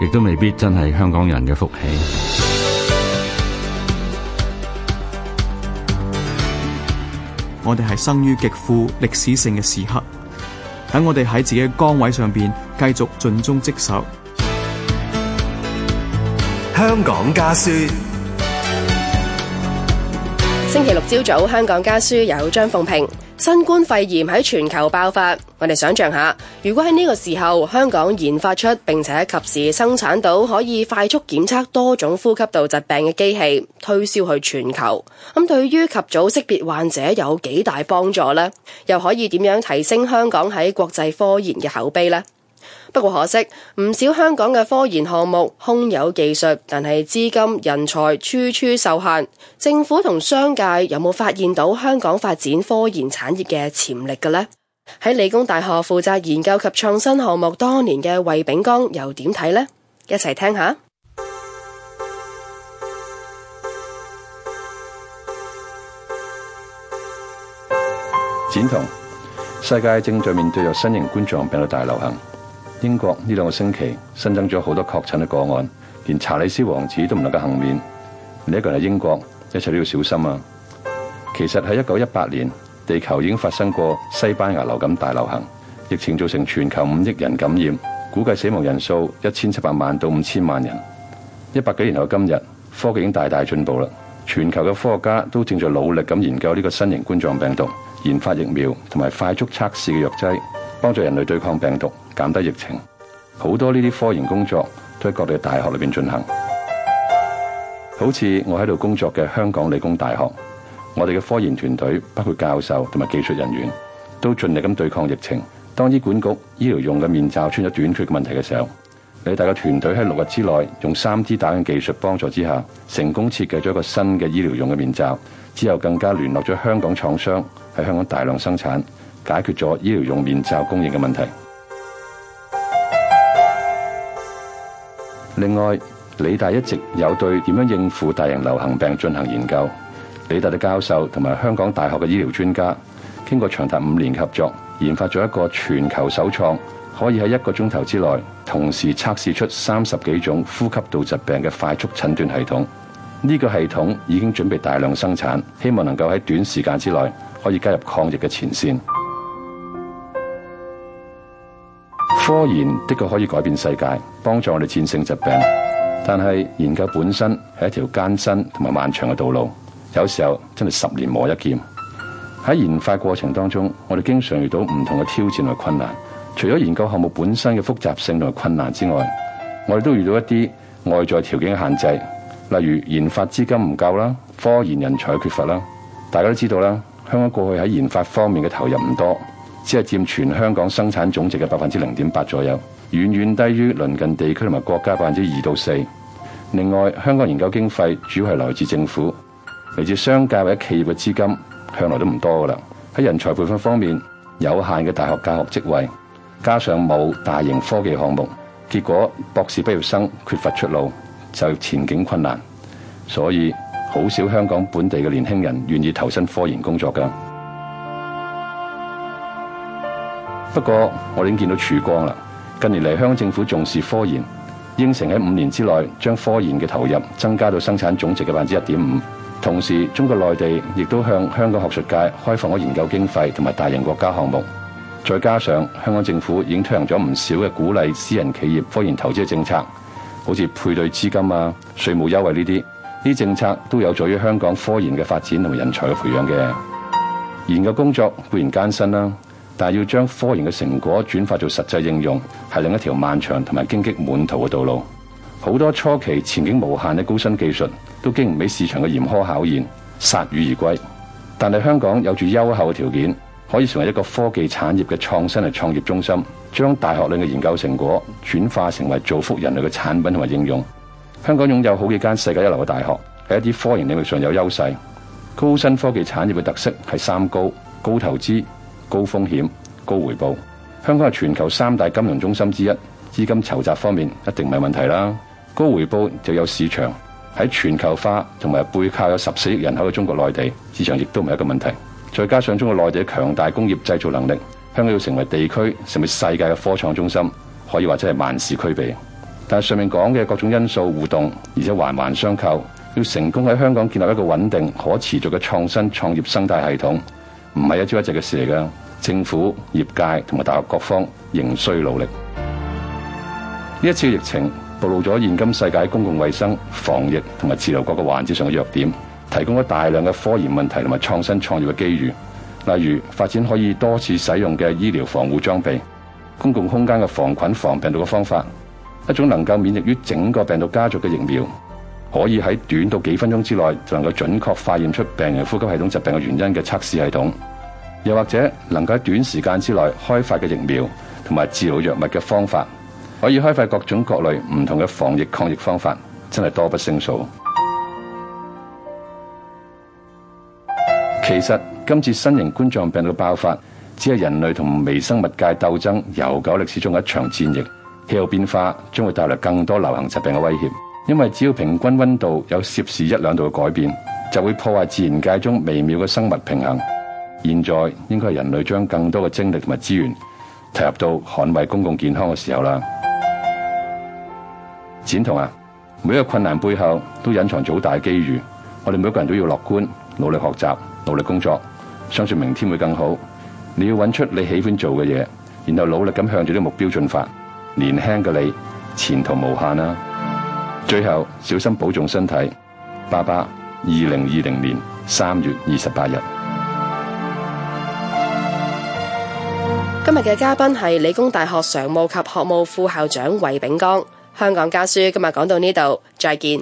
亦都未必真係香港人嘅福氣。我哋係生於極富歷史性嘅時刻，等我哋喺自己嘅崗位上邊繼續盡忠職守。香港家書，星期六朝早，香港家書有張鳳平。新冠肺炎喺全球爆發，我哋想象下，如果喺呢個時候香港研發出並且及時生產到可以快速檢測多種呼吸道疾病嘅機器，推銷去全球，咁對於及早識別患者有幾大幫助呢？又可以點樣提升香港喺國際科研嘅口碑呢？不過可惜，唔少香港嘅科研項目空有技術，但係資金、人才處處受限。政府同商界有冇發現到香港發展科研產業嘅潛力嘅呢？喺理工大學負責研究及創新項目多年嘅衛炳江又點睇呢？一齊聽下。展彤：世界正在面對着新型冠狀病毒大流行。英國呢兩個星期新增咗好多確診嘅個案，連查理斯王子都唔能夠幸免。你一個人喺英國，一切都要小心啊！其實喺一九一八年，地球已經發生過西班牙流感大流行，疫情造成全球五億人感染，估計死亡人數一千七百萬到五千萬人。一百幾年後嘅今日，科技已經大大進步啦。全球嘅科學家都正在努力咁研究呢個新型冠狀病毒，研發疫苗同埋快速測試嘅藥劑。幫助人類對抗病毒，減低疫情，好多呢啲科研工作都喺各地大學裏邊進行。好似我喺度工作嘅香港理工大學，我哋嘅科研團隊包括教授同埋技術人員，都盡力咁對抗疫情。當醫管局醫療用嘅面罩出咗短缺嘅問題嘅時候，你哋嘅團隊喺六日之內，用三 D 打印技術幫助之下，成功設計咗一個新嘅醫療用嘅面罩。之後更加聯絡咗香港廠商喺香港大量生產。解決咗醫療用面罩供應嘅問題。另外，理大一直有對點樣應付大型流行病進行研究。理大的教授同埋香港大學嘅醫療專家，經過長達五年合作，研發咗一個全球首創，可以喺一個鐘頭之內，同時測試出三十幾種呼吸道疾病嘅快速診斷系統。呢個系統已經準備大量生產，希望能夠喺短時間之內可以加入抗疫嘅前線。科研的確可以改變世界，幫助我哋戰勝疾病。但係研究本身係一條艱辛同埋漫長嘅道路，有時候真係十年磨一劍。喺研發過程當中，我哋經常遇到唔同嘅挑戰同困難。除咗研究項目本身嘅複雜性同埋困難之外，我哋都遇到一啲外在條件嘅限制，例如研發資金唔夠啦，科研人才缺乏啦。大家都知道啦，香港過去喺研發方面嘅投入唔多。即係佔全香港生產總值嘅百分之零點八左右，遠遠低於鄰近地區同埋國家百分之二到四。另外，香港研究經費主要係來自政府、來自商界或者企業嘅資金，向來都唔多噶啦。喺人才培訓方面，有限嘅大學教學職位，加上冇大型科技項目，結果博士畢業生缺乏出路，就前景困難。所以，好少香港本地嘅年輕人願意投身科研工作㗎。不過，我已經見到曙光啦！近年嚟，香港政府重視科研，應承喺五年之內將科研嘅投入增加到生產總值嘅百分之一點五。同時，中國內地亦都向香港學術界開放咗研究經費同埋大型國家項目。再加上香港政府已經推行咗唔少嘅鼓勵私人企業科研投資嘅政策，好似配對資金啊、稅務優惠呢啲，呢啲政策都有助於香港科研嘅發展同埋人才嘅培養嘅。研究工作固然艱辛啦、啊。但係要將科研嘅成果轉化做實際應用，係另一條漫長同埋荊棘滿途嘅道路。好多初期前景無限嘅高新技術，都經唔起市場嘅嚴苛考驗，鎩羽而歸。但係香港有住優厚嘅條件，可以成為一個科技產業嘅創新嘅創業中心，將大學裏嘅研究成果轉化成為造福人類嘅產品同埋應用。香港擁有好幾間世界一流嘅大學，喺一啲科研領域上有優勢。高新科技產業嘅特色係三高：高投資。高風險、高回報。香港係全球三大金融中心之一，資金籌集方面一定唔係問題啦。高回報就有市場喺全球化，同埋背靠有十四億人口嘅中國內地市場，亦都唔係一個問題。再加上中國內地嘅強大工業製造能力，香港要成為地區、成為世界嘅科創中心，可以話真係萬事俱備。但係上面講嘅各種因素互動，而且環環相扣，要成功喺香港建立一個穩定、可持續嘅創新創業生態系統，唔係一朝一夕嘅事嚟㗎。政府、業界同埋大學各方仍需努力。呢一次疫情暴露咗現今世界公共衛生、防疫同埋治療各個環節上嘅弱點，提供咗大量嘅科研問題同埋創新創業嘅機遇。例如，發展可以多次使用嘅醫療防護裝備，公共空間嘅防菌防病毒嘅方法，一種能夠免疫於整個病毒家族嘅疫苗，可以喺短到幾分鐘之內就能夠準確化驗出病人呼吸系統疾病嘅原因嘅測試系統。又或者能夠喺短時間之內開發嘅疫苗同埋治療藥物嘅方法，可以開發各種各類唔同嘅防疫抗疫方法，真係多不勝數。其實今次新型冠狀病毒爆發，只係人類同微生物界鬥爭悠久歷史中嘅一場戰役。氣候變化將會帶來更多流行疾病嘅威脅，因為只要平均温度有攝氏一兩度嘅改變，就會破壞自然界中微妙嘅生物平衡。現在應該係人類將更多嘅精力同埋資源投入到捍衛公共健康嘅時候啦。展童啊，每一個困難背後都隱藏咗好大嘅機遇。我哋每個人都要樂觀，努力學習，努力工作，相信明天會更好。你要揾出你喜歡做嘅嘢，然後努力咁向住啲目標進發。年輕嘅你，前途無限啦，啊。最後小心保重身體。爸爸，二零二零年三月二十八日。今日嘅嘉賓係理工大學常務及學務副校長衛炳江。香港家書今日講到呢度，再見。